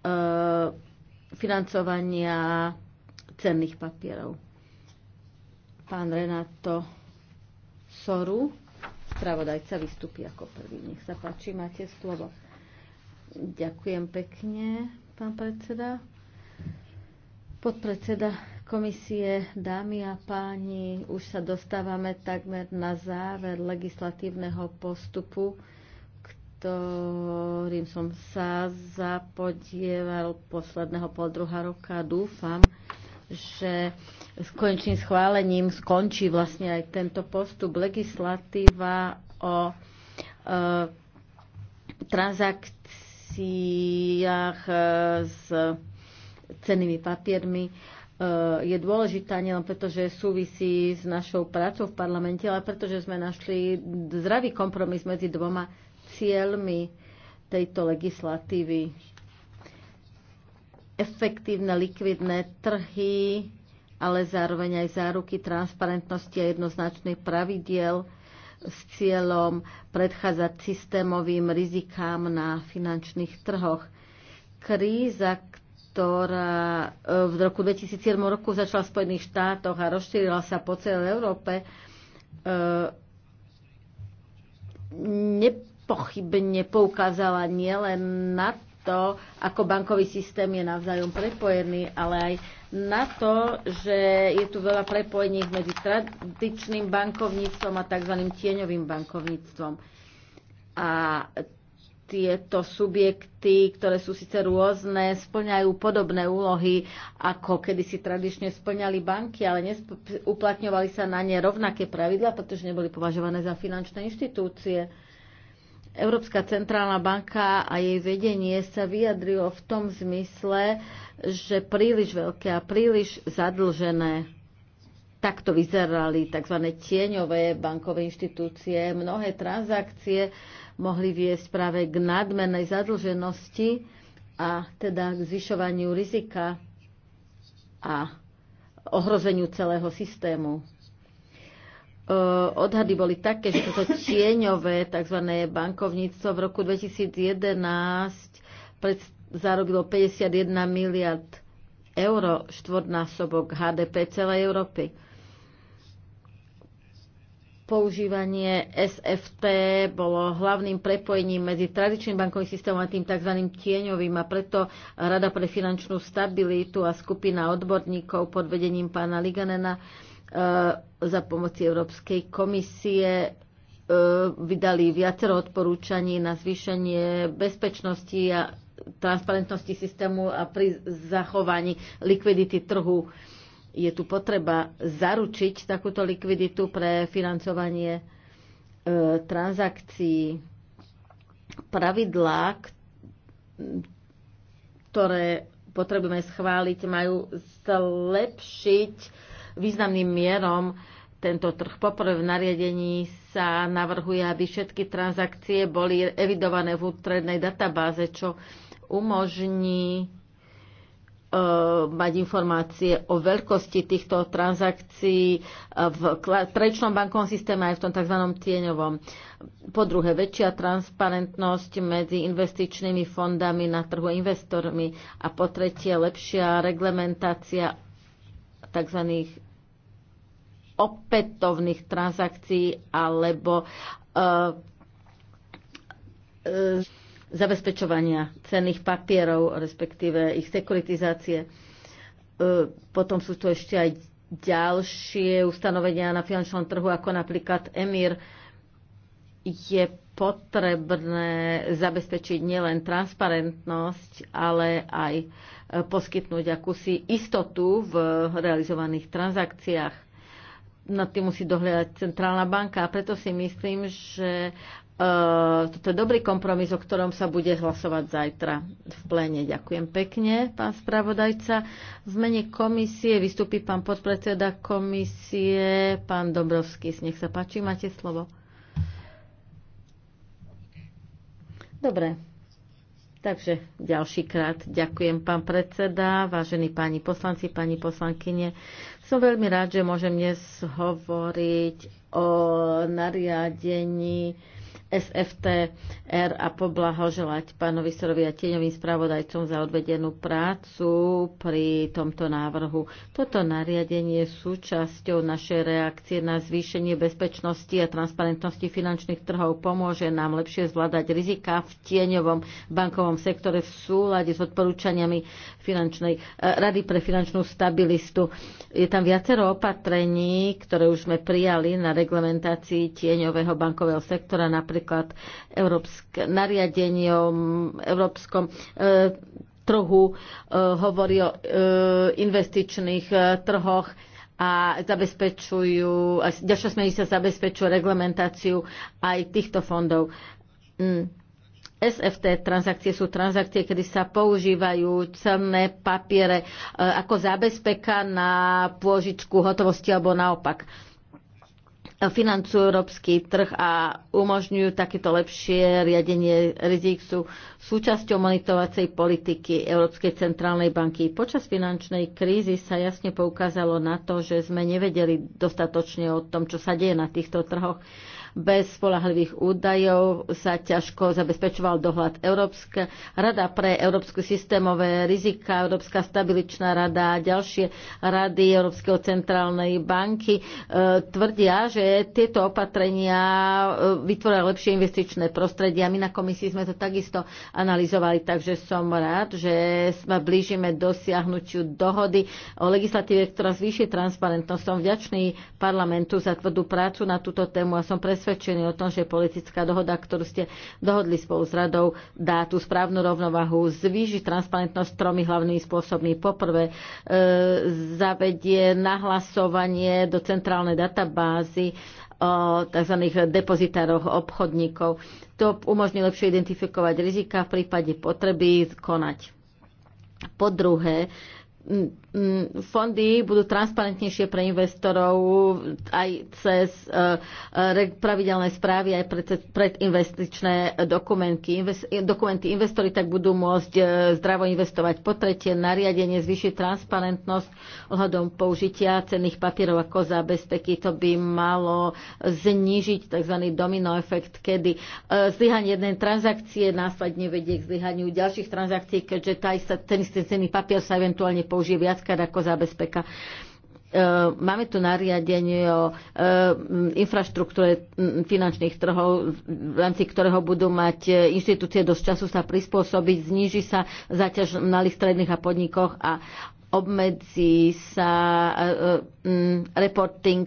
E, financovania cenných papierov. Pán Renato Soru, spravodajca, vystupí ako prvý. Nech sa páči, máte slovo. Ďakujem pekne, pán predseda. Podpredseda komisie, dámy a páni, už sa dostávame takmer na záver legislatívneho postupu ktorým som sa zapodieval posledného pol druhá roka. Dúfam, že s končným schválením skončí vlastne aj tento postup legislatíva o e, transakciách e, s cenými papiermi. E, je dôležitá nielen preto, že súvisí s našou prácou v parlamente, ale pretože sme našli zdravý kompromis medzi dvoma cieľmi tejto legislatívy. Efektívne likvidné trhy, ale zároveň aj záruky transparentnosti a jednoznačných pravidiel s cieľom predchádzať systémovým rizikám na finančných trhoch. Kríza, ktorá e, v roku 2007 roku začala v Spojených štátoch a rozšírila sa po celej Európe, e, nepochybne poukázala nielen na to, ako bankový systém je navzájom prepojený, ale aj na to, že je tu veľa prepojení medzi tradičným bankovníctvom a tzv. tieňovým bankovníctvom. A tieto subjekty, ktoré sú síce rôzne, splňajú podobné úlohy, ako kedysi tradične splňali banky, ale uplatňovali sa na ne rovnaké pravidla, pretože neboli považované za finančné inštitúcie. Európska centrálna banka a jej vedenie sa vyjadrilo v tom zmysle, že príliš veľké a príliš zadlžené takto vyzerali tzv. tieňové bankové inštitúcie. Mnohé transakcie mohli viesť práve k nadmernej zadlženosti a teda k zvyšovaniu rizika a ohrozeniu celého systému. Eh, odhady boli také, že toto tieňové tzv. bankovníctvo v roku 2011 zarobilo 51 miliard eur štvornásobok HDP celej Európy. Používanie SFT bolo hlavným prepojením medzi tradičným bankovým systémom a tým tzv. tieňovým a preto Rada pre finančnú stabilitu a skupina odborníkov pod vedením pána Liganena E, za pomoci Európskej komisie e, vydali viacero odporúčaní na zvýšenie bezpečnosti a transparentnosti systému a pri zachovaní likvidity trhu. Je tu potreba zaručiť takúto likviditu pre financovanie e, transakcií. Pravidlá, ktoré potrebujeme schváliť, majú zlepšiť významným mierom tento trh. Poprvé v nariadení sa navrhuje, aby všetky transakcie boli evidované v ústrednej databáze, čo umožní e, mať informácie o veľkosti týchto transakcií v tradičnom bankovom systéme aj v tom tzv. tieňovom. Po druhé, väčšia transparentnosť medzi investičnými fondami na trhu investormi a po tretie, lepšia reglementácia tzv opätovných transakcií alebo e, e, zabezpečovania cenných papierov, respektíve ich sekuritizácie. E, potom sú tu ešte aj ďalšie ustanovenia na finančnom trhu, ako napríklad EMIR. Je potrebné zabezpečiť nielen transparentnosť, ale aj poskytnúť akúsi istotu v realizovaných transakciách nad tým musí dohľadať Centrálna banka a preto si myslím, že e, toto je dobrý kompromis, o ktorom sa bude hlasovať zajtra v pléne. Ďakujem pekne, pán spravodajca. V mene komisie vystupí pán podpredseda komisie, pán Dobrovský. Nech sa páči, máte slovo. Dobre, Takže ďalšíkrát ďakujem pán predseda, vážení páni poslanci, pani poslankyne. Som veľmi rád, že môžem dnes hovoriť o nariadení SFTR a poblahoželať pánovi Sorovi a tieňovým spravodajcom za odvedenú prácu pri tomto návrhu. Toto nariadenie je súčasťou našej reakcie na zvýšenie bezpečnosti a transparentnosti finančných trhov. Pomôže nám lepšie zvládať rizika v tieňovom bankovom sektore v súlade s odporúčaniami finančnej, eh, Rady pre finančnú stabilistu. Je tam viacero opatrení, ktoré už sme prijali na reglementácii tieňového bankového sektora, napríklad napríklad európske nariadenie o európskom e, trhu, e, hovorí o e, investičných e, trhoch a zabezpečujú, a ďalšia smernica zabezpečuje reglementáciu aj týchto fondov. Mm. SFT transakcie sú transakcie, kedy sa používajú cenné papiere e, ako zábezpeka na pôžičku hotovosti alebo naopak financujú európsky trh a umožňujú takéto lepšie riadenie rizik sú súčasťou monitorovacej politiky Európskej centrálnej banky. Počas finančnej krízy sa jasne poukázalo na to, že sme nevedeli dostatočne o tom, čo sa deje na týchto trhoch bez spolahlivých údajov sa ťažko zabezpečoval dohľad Európska rada pre európske systémové rizika, Európska stabiličná rada a ďalšie rady Európskeho centrálnej banky e, tvrdia, že tieto opatrenia e, vytvoria lepšie investičné prostredie a my na komisii sme to takisto analyzovali, takže som rád, že sme blížime dosiahnutiu dohody o legislatíve, ktorá zvýši transparentnosť. Som vďačný parlamentu za tvrdú prácu na túto tému a som presvedčený, presvedčení o tom, že politická dohoda, ktorú ste dohodli spolu s radou, dá tú správnu rovnovahu, zvýši transparentnosť tromi hlavnými spôsobmi. Poprvé, e, zavedie nahlasovanie do centrálnej databázy o e, tzv. depozitároch obchodníkov. To umožní lepšie identifikovať rizika v prípade potreby konať. Po druhé, fondy budú transparentnejšie pre investorov aj cez e, e, pravidelné správy, aj pred investičné dokumenty. dokumenty. Investori tak budú môcť e, zdravo investovať. Po tretie, nariadenie zvyši transparentnosť ohľadom použitia cenných papierov ako bezpeky, To by malo znížiť tzv. domino efekt, kedy zlyhanie jednej transakcie následne vedie k zlyhaniu ďalších transakcií, keďže tá istá, ten istý cenný papier sa eventuálne použije viackrát ako zábezpeka. E, máme tu nariadenie o e, infraštruktúre finančných trhov, v rámci ktorého budú mať e, inštitúcie dosť času sa prispôsobiť, zníži sa zaťaž na stredných a podnikoch a obmedzí sa reporting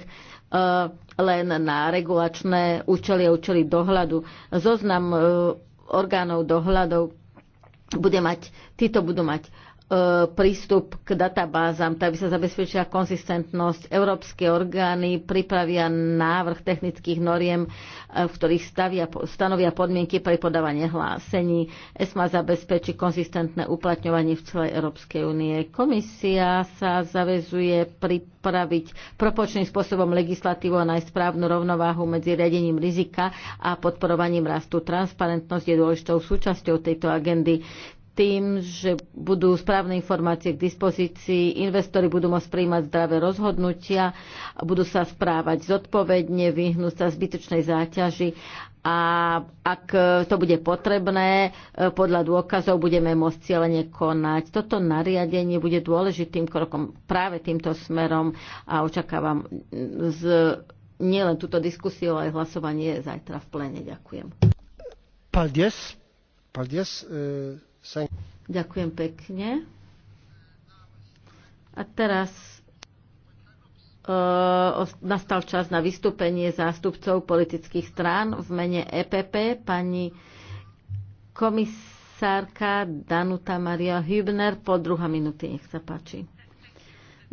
len na regulačné účely a účely dohľadu. Zoznam orgánov dohľadov bude mať, títo budú mať E, prístup k databázam, tak by sa zabezpečila konzistentnosť. Európske orgány pripravia návrh technických noriem, e, v ktorých stavia, stanovia podmienky pre podávanie hlásení. ESMA zabezpečí konzistentné uplatňovanie v celej Európskej únie. Komisia sa zavezuje pripraviť propočným spôsobom legislatívu a nájsť správnu rovnováhu medzi riadením rizika a podporovaním rastu. Transparentnosť je dôležitou súčasťou tejto agendy tým, že budú správne informácie k dispozícii, investori budú môcť príjmať zdravé rozhodnutia, budú sa správať zodpovedne, vyhnúť sa zbytočnej záťaži a ak to bude potrebné, e, podľa dôkazov budeme môcť cieľene konať. Toto nariadenie bude dôležitým krokom práve týmto smerom a očakávam z, nielen túto diskusiu, ale aj hlasovanie zajtra v plene. Ďakujem. Paldies. Paldies. E Ďakujem pekne. A teraz e, nastal čas na vystúpenie zástupcov politických strán v mene EPP. Pani komisárka Danuta Maria Hübner po druhá minúty, nech sa páči.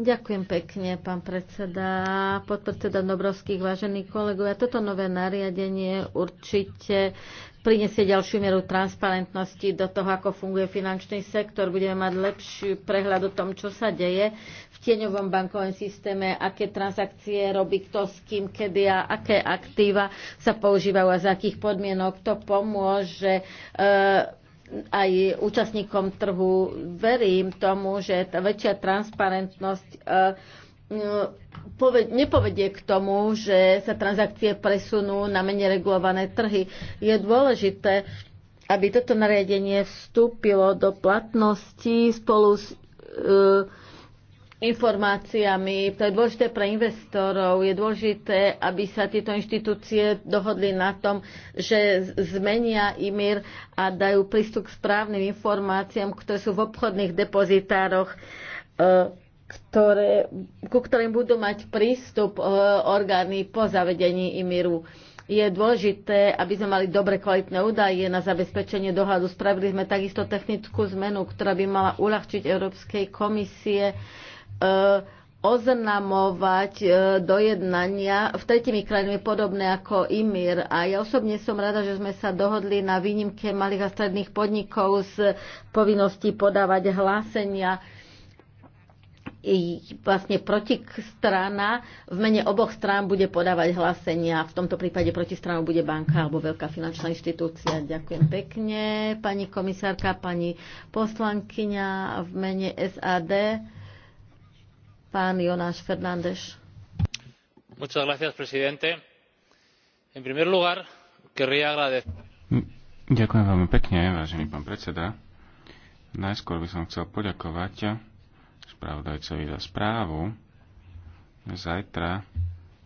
Ďakujem pekne, pán predseda, podpredseda Dobrovských, vážení kolegovia. Toto nové nariadenie určite prinesie ďalšiu mieru transparentnosti do toho, ako funguje finančný sektor. Budeme mať lepší prehľad o tom, čo sa deje v tieňovom bankovom systéme, aké transakcie robí kto s kým, kedy a aké aktíva sa používajú a z akých podmienok. To pomôže eh, aj účastníkom trhu. Verím tomu, že tá väčšia transparentnosť eh, nepovedie k tomu, že sa transakcie presunú na menej regulované trhy. Je dôležité, aby toto nariadenie vstúpilo do platnosti spolu s e, informáciami. To je dôležité pre investorov. Je dôležité, aby sa tieto inštitúcie dohodli na tom, že zmenia IMIR a dajú prístup k správnym informáciám, ktoré sú v obchodných depozitároch e, ktoré, ku ktorým budú mať prístup e, orgány po zavedení IMIRu. Je dôležité, aby sme mali dobre kvalitné údaje na zabezpečenie dohľadu. Spravili sme takisto technickú zmenu, ktorá by mala uľahčiť Európskej komisie e, oznamovať e, dojednania v tretimi krajinami podobné ako IMIR. A ja osobne som rada, že sme sa dohodli na výnimke malých a stredných podnikov z povinnosti podávať hlásenia vlastne protistrana v mene oboch strán bude podávať hlásenia. V tomto prípade protistranou bude banka alebo veľká finančná inštitúcia. Ďakujem pekne. Pani komisárka, pani poslankyňa v mene SAD. Pán Jonáš Fernández. Muchas gracias, presidente. En primer lugar, querría agradecer. Ďakujem veľmi pekne, vážený pán predseda. Najskôr by som chcel poďakovať spravodajcovi za správu. Zajtra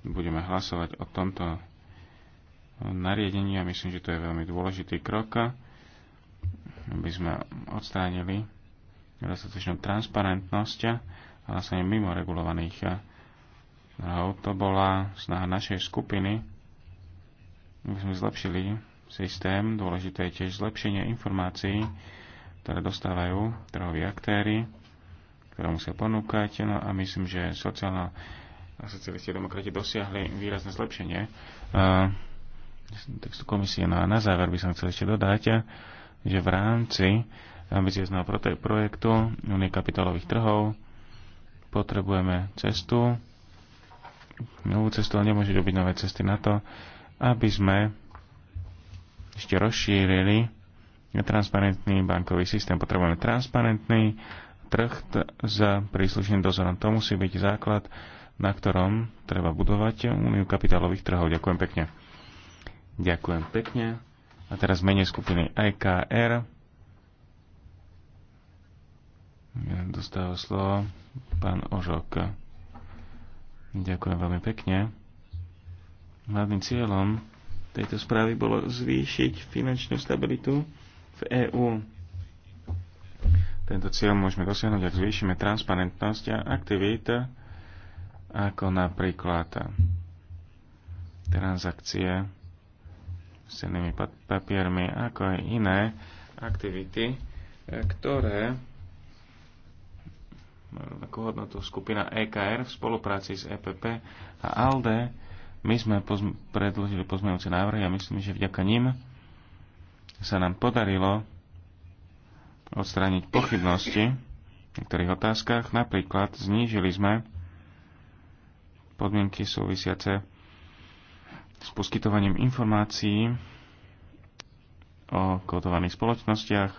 budeme hlasovať o tomto nariadení a myslím, že to je veľmi dôležitý krok, aby sme odstránili dostatočnú transparentnosť a mimo regulovaných trhov. To bola snaha našej skupiny, aby sme zlepšili systém. Dôležité je tiež zlepšenie informácií, ktoré dostávajú trhoví aktéry ktoré musia ponúkať. No a myslím, že sociálna a socialisti a demokrati dosiahli výrazné zlepšenie eh, textu komisie. No a na záver by som chcel ešte dodať, že v rámci ambiciozného projektu Unie kapitálových trhov potrebujeme cestu, novú cestu, ale nemôže robiť nové cesty na to, aby sme ešte rozšírili transparentný bankový systém. Potrebujeme transparentný trh s príslušným dozorom. To musí byť základ, na ktorom treba budovať úniu kapitálových trhov. Ďakujem pekne. Ďakujem pekne. A teraz menej skupiny e Ja Dostáva slovo pán Ožok. Ďakujem veľmi pekne. Hlavným cieľom tejto správy bolo zvýšiť finančnú stabilitu v EÚ. Tento cieľ môžeme dosiahnuť, ak zvýšime transparentnosť a aktivít, ako napríklad transakcie s cennými papiermi, ako aj iné aktivity, ktoré takú hodnotu skupina EKR v spolupráci s EPP a ALDE. My sme pozm- predložili pozmeňujúce návrhy a myslím, že vďaka nim sa nám podarilo odstrániť pochybnosti v niektorých otázkach. Napríklad znížili sme podmienky súvisiace s poskytovaním informácií o kódovaných spoločnostiach.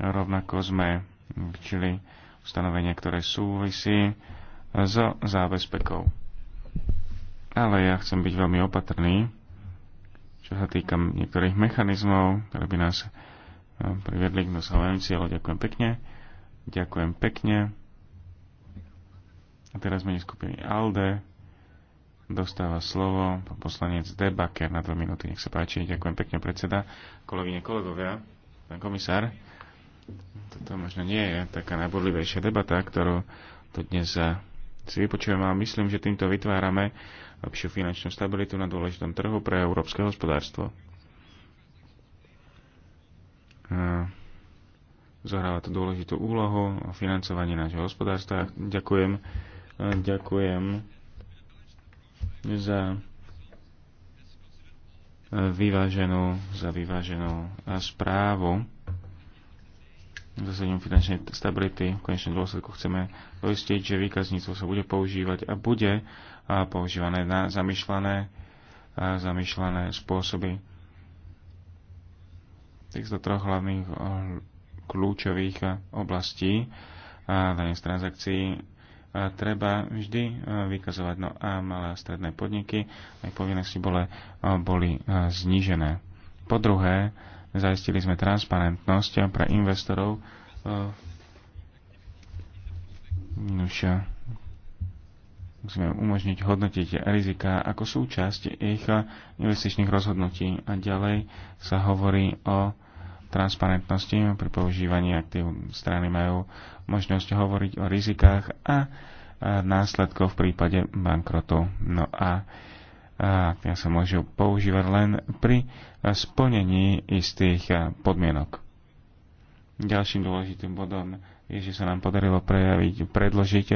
Rovnako sme určili ustanovenia, ktoré súvisí s zábezpekou. Ale ja chcem byť veľmi opatrný, čo sa týka niektorých mechanizmov, ktoré by nás priviedli k dosahovaným cieľu. Ďakujem pekne. Ďakujem pekne. A teraz mene skupiny ALDE dostáva slovo poslanec Debaker na dve minúty. Nech sa páči. Ďakujem pekne, predseda. Kolegyne, kolegovia, pán komisár, toto možno nie je taká najbodlivejšia debata, ktorú tu dnes eh, si vypočujem, a myslím, že týmto vytvárame lepšiu finančnú stabilitu na dôležitom trhu pre európske hospodárstvo. Eh, zohráva to dôležitú úlohu o financovaní nášho hospodárstva. Ďakujem, eh, ďakujem za vyváženú, za vyváženú eh, správu zasadením finančnej stability v konečnom dôsledku chceme poistiť, že výkazníctvo sa bude používať a bude používané na zamýšľané, zamýšľané spôsoby týchto troch hlavných eh, kľúčových eh, oblastí eh, daní z transakcií treba vždy vykazovať. No a malé a stredné podniky aj povinnosti boli, boli znížené. Po druhé, zaistili sme transparentnosť pre investorov. Musíme umožniť hodnotiť rizika ako súčasť ich investičných rozhodnutí. A ďalej sa hovorí o transparentnosti pri používaní aktív. Strany majú možnosť hovoriť o rizikách a následkov v prípade bankrotu. No a aktíva sa môžu používať len pri splnení istých podmienok. Ďalším dôležitým bodom Ježiš sa nám podarilo prejaviť, predložiť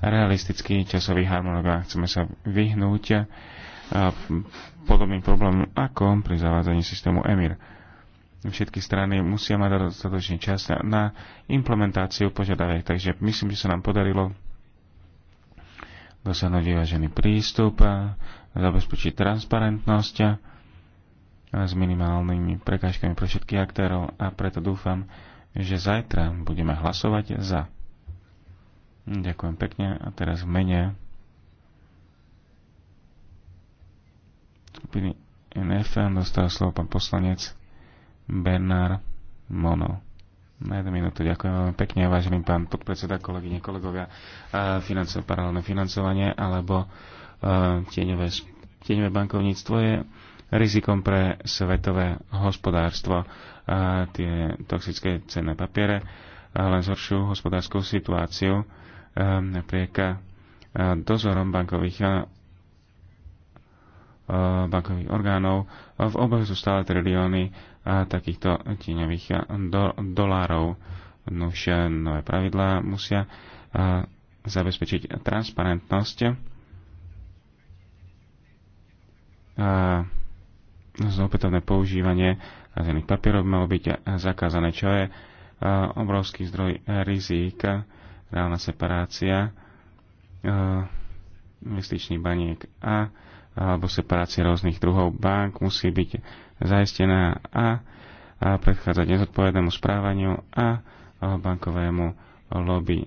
realistický časový harmonogram. Chceme sa vyhnúť eh, podobným problémom ako pri zavádzaní systému EMIR. Všetky strany musia mať dostatočný čas na implementáciu požiadaviek, takže myslím, že sa nám podarilo dosiahnuť vyvážený prístup, eh, zabezpečiť transparentnosť eh, s minimálnymi prekážkami pre všetkých aktérov a preto dúfam, že zajtra budeme hlasovať za. Ďakujem pekne a teraz v mene skupiny NFM dostal slovo pán poslanec Bernard Mono. Na jednu minútu ďakujem veľmi pekne, vážený pán podpredseda, kolegyne, kolegovia, financov, paralelné financovanie alebo e, tieňové, tieňové bankovníctvo je rizikom pre svetové hospodárstvo. A tie toxické cenné papiere len zhoršujú hospodárskú situáciu napriek dozorom bankových bankových orgánov. V obehu sú stále trilióny takýchto tieňových do, dolárov. Nuž nové pravidlá musia zabezpečiť transparentnosť zopätovné používanie kazených papierov malo byť zakázané, čo je e, obrovský zdroj rizík, reálna separácia e, investičných baniek a alebo separácia rôznych druhov bank musí byť zaistená a, a predchádzať nezodpovednému správaniu a, a bankovému lobby.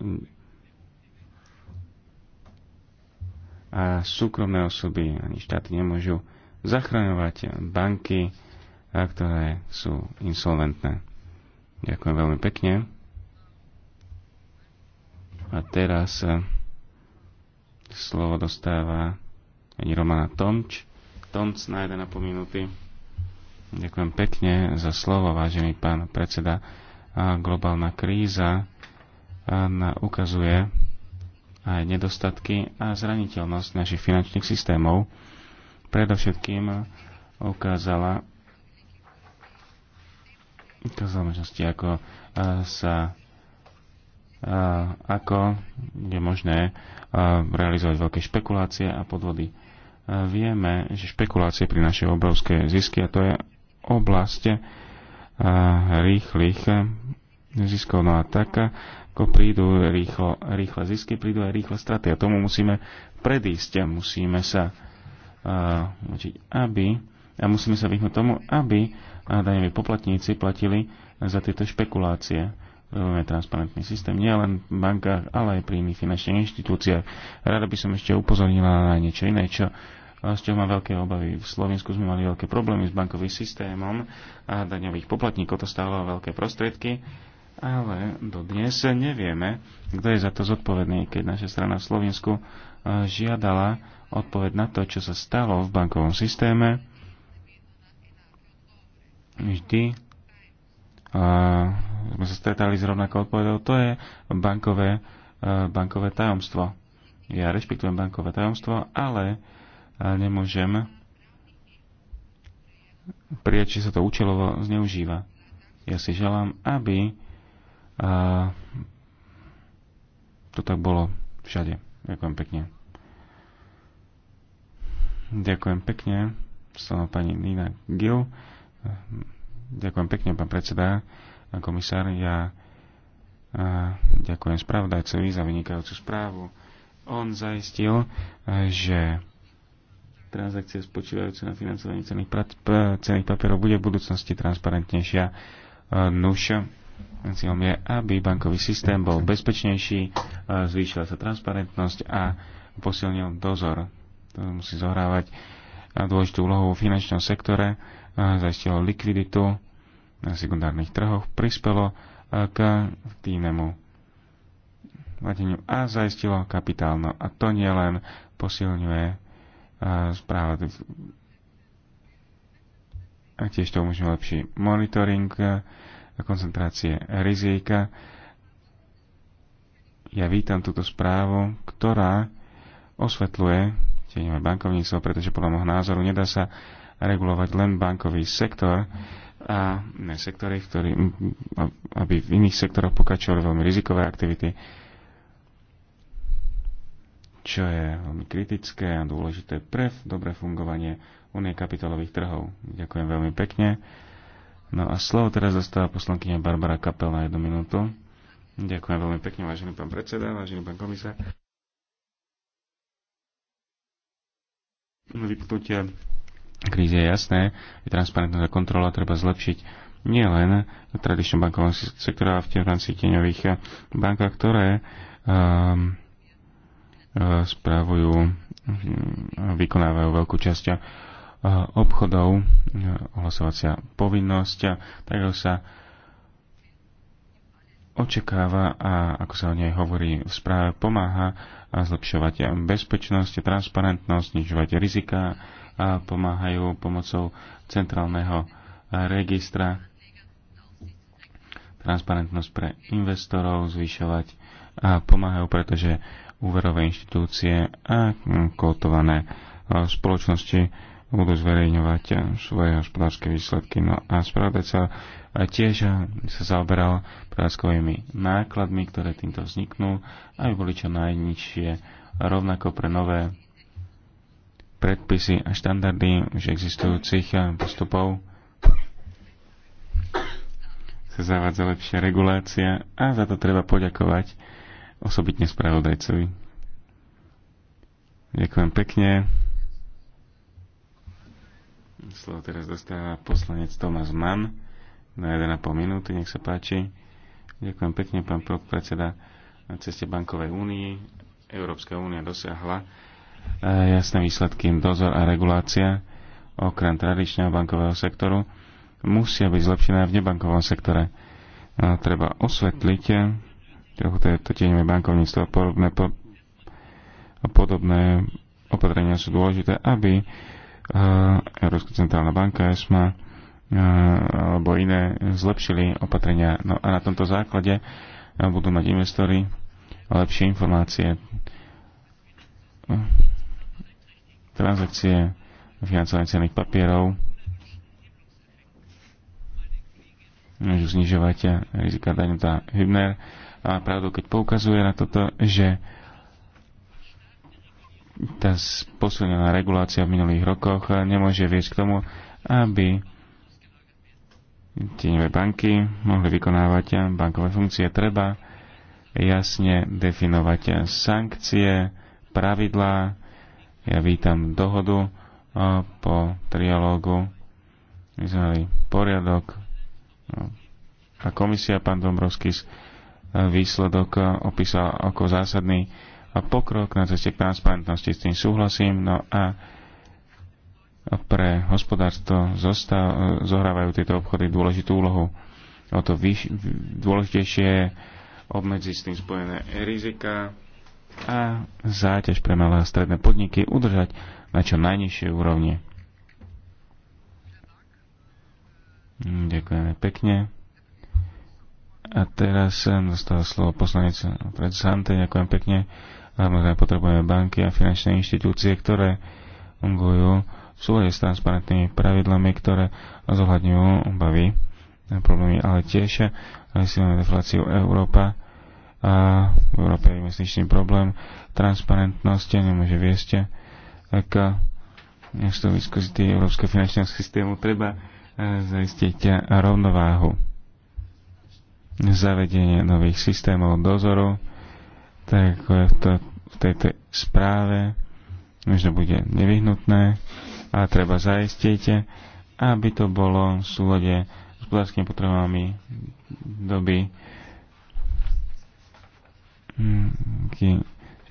A súkromné osoby ani štáty nemôžu zachraňovať banky, ktoré sú insolventné. Ďakujem veľmi pekne. A teraz slovo dostáva ani Romana Tomč. Tomč na 1,5 minúty. Ďakujem pekne za slovo, vážený pán predseda. A globálna kríza na ukazuje aj nedostatky a zraniteľnosť našich finančných systémov predovšetkým ukázala ukázala možnosti, ako eh, sa eh, ako je možné eh, realizovať veľké špekulácie a podvody. Vieme, že špekulácie prinášajú obrovské zisky a to je oblasť rýchlych ziskov. No a tak, ako prídu rýchlo, rýchle zisky, prídu aj rýchle straty. A tomu musíme predísť. Musíme sa aby, a musíme sa vyhnúť tomu, aby daňoví poplatníci platili za tieto špekulácie. Veľmi transparentný systém nielen v bankách, ale aj pri iných finančných inštitúciách. Rada by som ešte upozornila na niečo iné, čo z čoho mám veľké obavy. V Slovensku sme mali veľké problémy s bankovým systémom a daňových poplatníkov to stálo veľké prostriedky, ale dodnes nevieme, kto je za to zodpovedný, keď naša strana v Slovensku eh, žiadala odpoveď na to, čo sa stalo v bankovom systéme, vždy uh, sme sa stretali s rovnakou odpovedou, to je bankové, uh, bankové tajomstvo. Ja rešpektujem bankové tajomstvo, ale uh, nemôžem prijať, či sa to účelovo zneužíva. Ja si želám, aby uh, to tak bolo všade. Ďakujem pekne. Ďakujem pekne, slovo pani Nina Gil. Ďakujem pekne, pán predseda a komisár. Ja a ďakujem spravodajcovi za vynikajúcu správu. On zaistil, že transakcie spočívajúce na financovaní cených, cených papierov bude v budúcnosti transparentnejšia. Nuž, cieľom je, aby bankový systém bol bezpečnejší, zvýšila sa transparentnosť a posilnil dozor musí zohrávať dôležitú úlohu v finančnom sektore, zaistilo likviditu na sekundárnych trhoch, prispelo k týnemu vladeniu a zaistilo kapitálno. A to nielen posilňuje správa a tiež to umožňuje lepší monitoring a koncentrácie rizika. Ja vítam túto správu, ktorá osvetľuje tieňové bankovníctvo, pretože podľa môjho názoru nedá sa regulovať len bankový sektor a ne, sektory, ktorý, aby v iných sektoroch pokračovali veľmi rizikové aktivity, čo je veľmi kritické a dôležité pre dobré fungovanie Unie kapitálových trhov. Ďakujem veľmi pekne. No a slovo teraz dostáva poslankyňa Barbara Kapel na jednu minútu. Ďakujem veľmi pekne, vážený pán predseda, vážený pán komisár. vypnutia krízy je jasné, je transparentná kontrola, treba zlepšiť len v tradičnom bankovom sektore, ale v rámci tieňových bankách, ktoré um, spravujú, eh, vykonávajú veľkú časť eh, obchodov, ohlasovacia povinnosť, tak ako sa očakáva a ako sa o nej hovorí v správe, pomáha zlepšovať bezpečnosť, transparentnosť, znižovať rizika, a pomáhajú pomocou centrálneho registra, transparentnosť pre investorov zvyšovať a pomáhajú, pretože úverové inštitúcie a kotované spoločnosti budú zverejňovať svoje hospodárske výsledky. No a sa tiež sa zaoberal prevádzkovými nákladmi, ktoré týmto vzniknú, aby boli čo najnižšie rovnako pre nové predpisy a štandardy už existujúcich postupov sa zavádza lepšia regulácia a za to treba poďakovať osobitne spravodajcovi. Ďakujem pekne. Slovo teraz dostáva poslanec Tomas Mann na 1,5 minúty, nech sa páči. Ďakujem pekne, pán predseda. Na ceste Bankovej únii Európska únia dosiahla e, jasné výsledky dozor a regulácia okrem tradičného bankového sektoru musia byť zlepšené v nebankovom sektore. E, treba osvetliť, e, trochu to je to tieňové bankovníctvo a podobné, podobné opatrenia sú dôležité, aby Európska centrálna banka, ESMA alebo iné zlepšili opatrenia. No a na tomto základe budú mať investori lepšie informácie. Transakcie financovania cených papierov môžu znižovať rizika tá Hübner a pravdu, keď poukazuje na toto, že tá posunená regulácia v minulých rokoch nemôže viesť k tomu, aby tieňové banky mohli vykonávať bankové funkcie. Treba jasne definovať sankcie, pravidlá. Ja vítam dohodu po trialógu. My sme mali poriadok a komisia, pán Dombrovskis, e, výsledok e, opísal ako zásadný a pokrok na ceste k transparentnosti, s tým súhlasím, no a pre hospodárstvo zostav, zohrávajú tieto obchody dôležitú úlohu. O to vyš, dôležitejšie je obmedziť s tým spojené rizika a záťaž pre malé a stredné podniky udržať na čo najnižšej úrovni. Ďakujeme pekne. A teraz dostal slovo poslanec Fred Sante. Ďakujem pekne. Samozrejme teda potrebujeme banky a finančné inštitúcie, ktoré fungujú v súlade s transparentnými pravidlami, ktoré zohľadňujú obavy a problémy, ale tiež aj silnú defláciu Európa a v Európe je investičný problém transparentnosti nemôže viesť k stanovisku Európskeho finančného systému treba e, zaistiť rovnováhu zavedenie nových systémov dozoru tak ako je to v tejto správe, možno bude nevyhnutné, ale treba zaistiť, aby to bolo v súlade s hospodárskymi potrebami doby,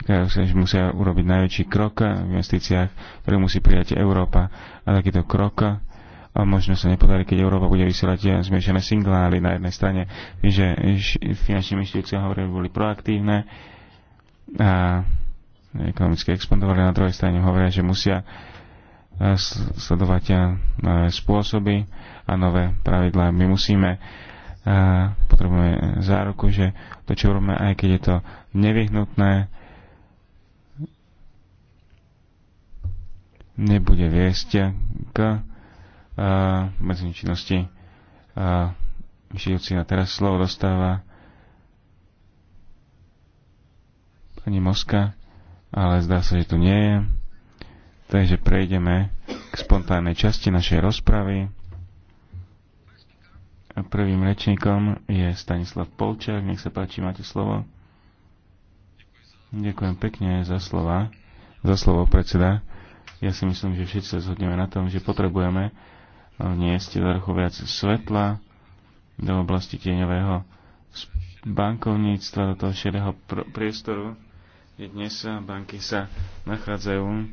čakajú mm, sa, musia urobiť najväčší krok v investíciách, ktorý musí prijať Európa. A takýto krok a možno sa nepodarí, keď Európa bude vysielať zmiešané signály na jednej strane, že finančné inštitúcie hovorili, boli proaktívne, a ekonomicky expandovali, na druhej strane hovoria, že musia e, sledovať e, nové spôsoby a nové pravidlá. My musíme a e, potrebujeme záruku, že to, čo robíme, aj keď je to nevyhnutné, nebude viesť k medzničnosti Žijúci na teraz slovo dostáva Pani Moska, ale zdá sa, že tu nie je. Takže prejdeme k spontánnej časti našej rozpravy. A prvým rečníkom je Stanislav Polčák. Nech sa páči, máte slovo. Ďakujem pekne za slova. Za slovo predseda. Ja si myslím, že všetci sa zhodneme na tom, že potrebujeme vniesť trochu viac svetla do oblasti tieňového bankovníctva, do toho šedého priestoru i dnes banky sa nachádzajú,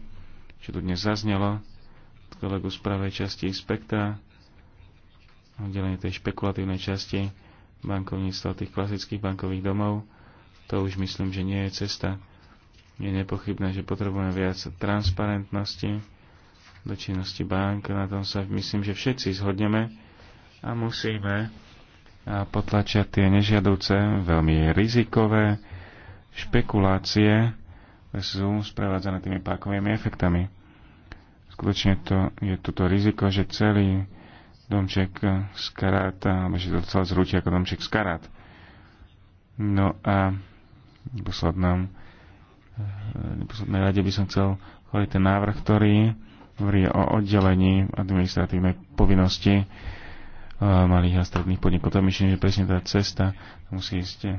čo tu dnes zaznelo, kolegu z pravej časti spektra, oddelenie tej špekulatívnej časti bankovníctva tých klasických bankových domov, to už myslím, že nie je cesta. Je nepochybné, že potrebujeme viac transparentnosti do činnosti bank. Na tom sa myslím, že všetci zhodneme a musíme potlačať tie nežiadúce, veľmi rizikové, špekulácie sú sprevádzané tými pákovými efektami. Skutočne to, je toto riziko, že celý domček z karát, alebo že to celé zrúti ako domček z karát. No a v poslednom v poslednej rade by som chcel hovoriť ten návrh, ktorý hovorí o oddelení administratívnej povinnosti eh, malých a stredných podnikov. To myslím, že presne tá cesta musí ísť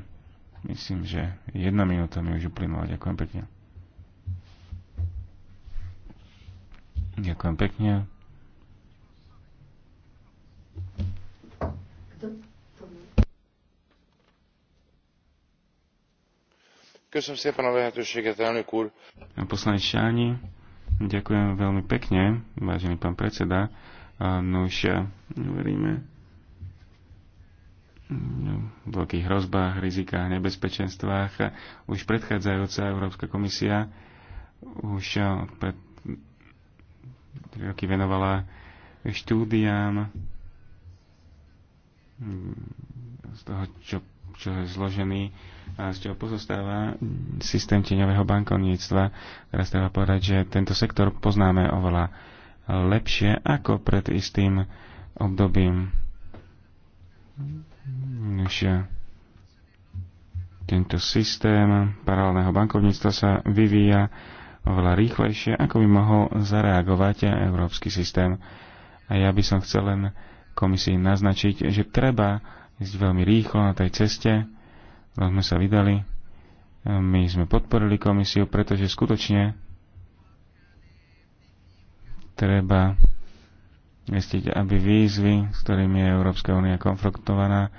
Myslím, že jedna minúta mi už uplynula. Ďakujem pekne. Ďakujem pekne. Köszönöm szépen a lehetőséget, elnök úr. Poslanec Sáni, ďakujem veľmi pekne, vážený pán predseda. Nuž, no veríme v veľkých hrozbách, rizikách, nebezpečenstvách. Už predchádzajúca Európska komisia už eh, pred roky venovala štúdiám mm, z toho, čo, čo je zložený a z čoho pozostáva systém tieňového bankovníctva. Teraz treba povedať, že tento sektor poznáme oveľa lepšie ako pred istým obdobím že tento systém paralelného bankovníctva sa vyvíja oveľa rýchlejšie, ako by mohol zareagovať európsky systém. A ja by som chcel len komisii naznačiť, že treba ísť veľmi rýchlo na tej ceste, lebo no, sme sa vydali. My sme podporili komisiu, pretože skutočne treba zistiť, aby výzvy, s ktorými je Európska únia konfrontovaná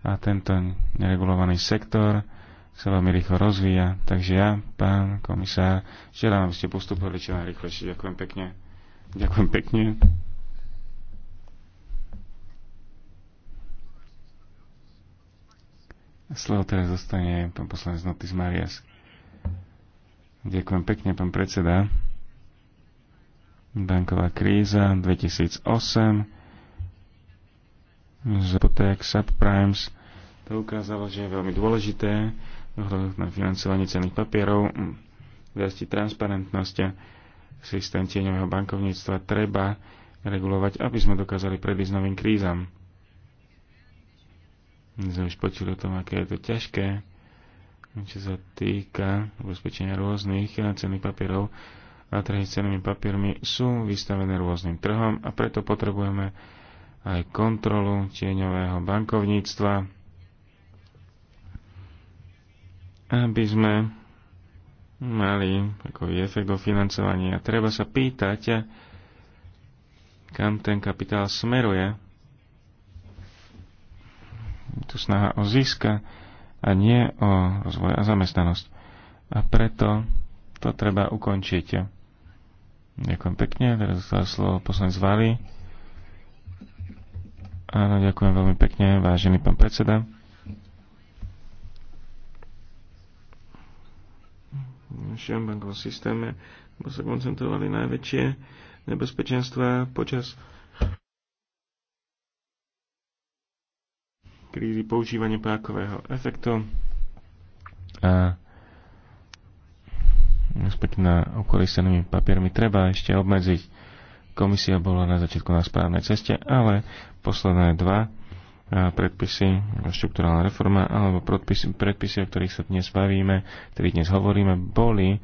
a tento neregulovaný sektor sa veľmi rýchlo rozvíja. Takže ja, pán komisár, želám, aby ste postupovali čo najrychlejšie. Ďakujem pekne. Ďakujem pekne. Slovo teraz zostane pán poslanec Notis Marias. Ďakujem pekne, pán predseda banková kríza 2008 z hypoték subprimes to ukázalo, že je veľmi dôležité dohľadať na financovanie cenných papierov, hm, transparentnosti transparentnosť systém tieňového bankovníctva treba regulovať, aby sme dokázali predísť novým krízam. My sme už počuli o tom, aké je to ťažké, čo sa týka ubezpečenia rôznych eh, cenných papierov na trhy s cenými papiermi sú vystavené rôznym trhom a preto potrebujeme aj kontrolu tieňového bankovníctva, aby sme mali takový efekt do financovania. Treba sa pýtať, kam ten kapitál smeruje. Je Tu snaha o získa a nie o rozvoj a zamestnanosť. A preto to treba ukončiť. Ďakujem pekne, teraz za slovo poslanec Vali. Áno, ďakujem veľmi pekne, vážený pán predseda. V našom bankovom systéme sa koncentrovali najväčšie nebezpečenstva počas krízy používania pákového efektu a uh späť okolistenými papiermi treba ešte obmedziť. Komisia bola na začiatku na správnej ceste, ale posledné dva predpisy, štruktúrálna reforma alebo predpisy, predpisy, o ktorých sa dnes bavíme, ktorých dnes hovoríme, boli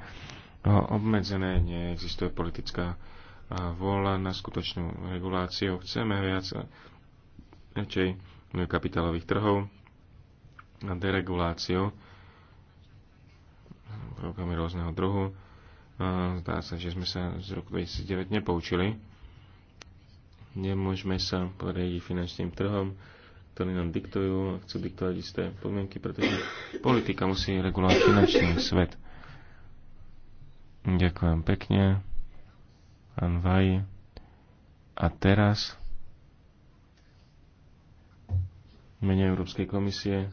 no, obmedzené, neexistuje politická vôľa na skutočnú reguláciu. Chceme viac radšej kapitálových trhov a dereguláciu programy rôzneho druhu. Zdá sa, že sme sa z roku 2009 nepoučili. Nemôžeme sa podriadiť finančným trhom, ktorí nám diktujú a chcú diktovať isté podmienky, pretože politika musí regulovať finančný svet. Ďakujem pekne. Anvaj. A teraz mene Európskej komisie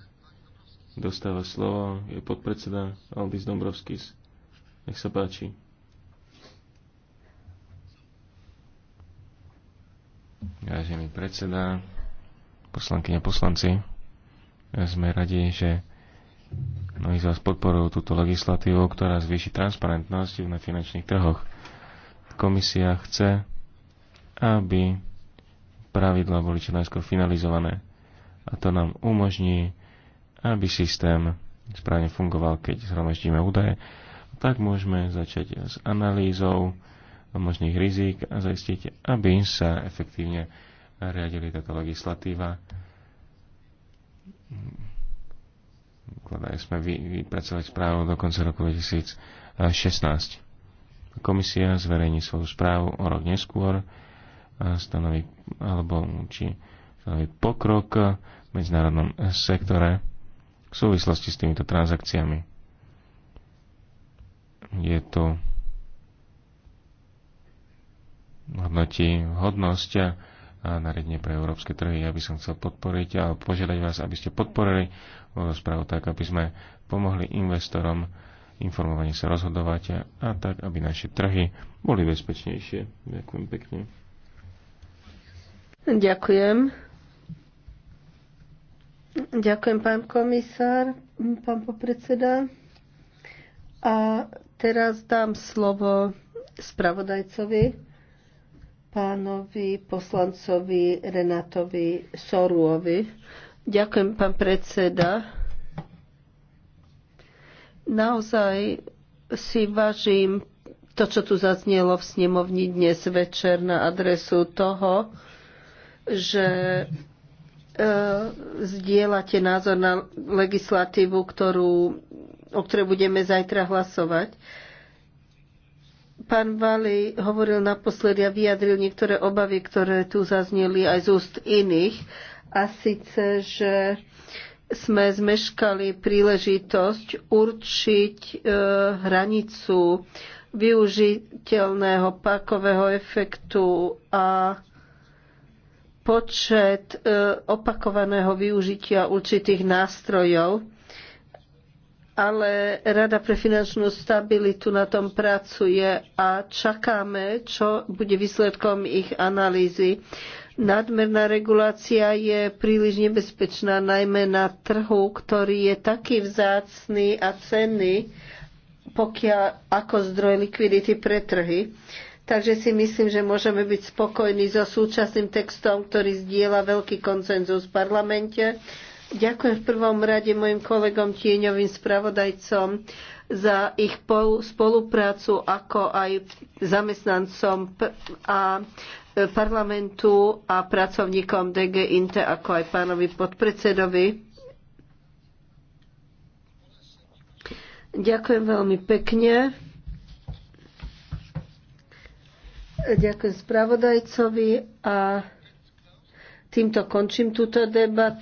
dostáva slovo je podpredseda Aldis Dombrovskis. Nech sa páči. Vážený predseda, poslankyne poslanci, sme radi, že mnohí z vás podporujú túto legislatívu, ktorá zvýši transparentnosť na finančných trhoch. Komisia chce, aby pravidla boli čo najskôr finalizované a to nám umožní aby systém správne fungoval, keď zhromaždíme údaje, tak môžeme začať s analýzou možných rizik a zaistiť, aby sa efektívne riadili táto legislatíva. Kladali sme vypracovať správu do konca roku 2016. Komisia zverejní svoju správu o rok neskôr a stanoví, alebo či stanoví pokrok v medzinárodnom sektore v súvislosti s týmito transakciami. Je tu hodnotí hodnosť a nariadenie pre európske trhy. Ja by som chcel podporiť a požiadať vás, aby ste podporili rozprávu tak, aby sme pomohli investorom informovanie sa rozhodovať a tak, aby naše trhy boli bezpečnejšie. Ďakujem pekne. Ďakujem. Ďakujem, pán komisár, pán popredseda. A teraz dám slovo spravodajcovi, pánovi poslancovi Renatovi Soruovi. Ďakujem, pán predseda. Naozaj si vážim to, čo tu zaznelo v snemovni dnes večer na adresu toho, že zdieľate názor na legislatívu, ktorú, o ktorej budeme zajtra hlasovať. Pán Vali hovoril naposledy a vyjadril niektoré obavy, ktoré tu zazneli aj z úst iných. A síce, že sme zmeškali príležitosť určiť e, hranicu využiteľného pákového efektu a e, počet e, opakovaného využitia určitých nástrojov, ale Rada pre finančnú stabilitu na tom pracuje a čakáme, čo bude výsledkom ich analýzy. Nadmerná regulácia je príliš nebezpečná, najmä na trhu, ktorý je taký vzácný a cenný pokiaľ, ako zdroj likvidity pre trhy. Takže si myslím, že môžeme byť spokojní so súčasným textom, ktorý zdieľa veľký koncenzus v parlamente. Ďakujem v prvom rade mojim kolegom tieňovým spravodajcom za ich spoluprácu, ako aj zamestnancom a e, parlamentu a pracovníkom DG Inte, ako aj pánovi podpredsedovi. Ďakujem veľmi pekne. Ďakujem spravodajcovi a týmto končím túto debatu.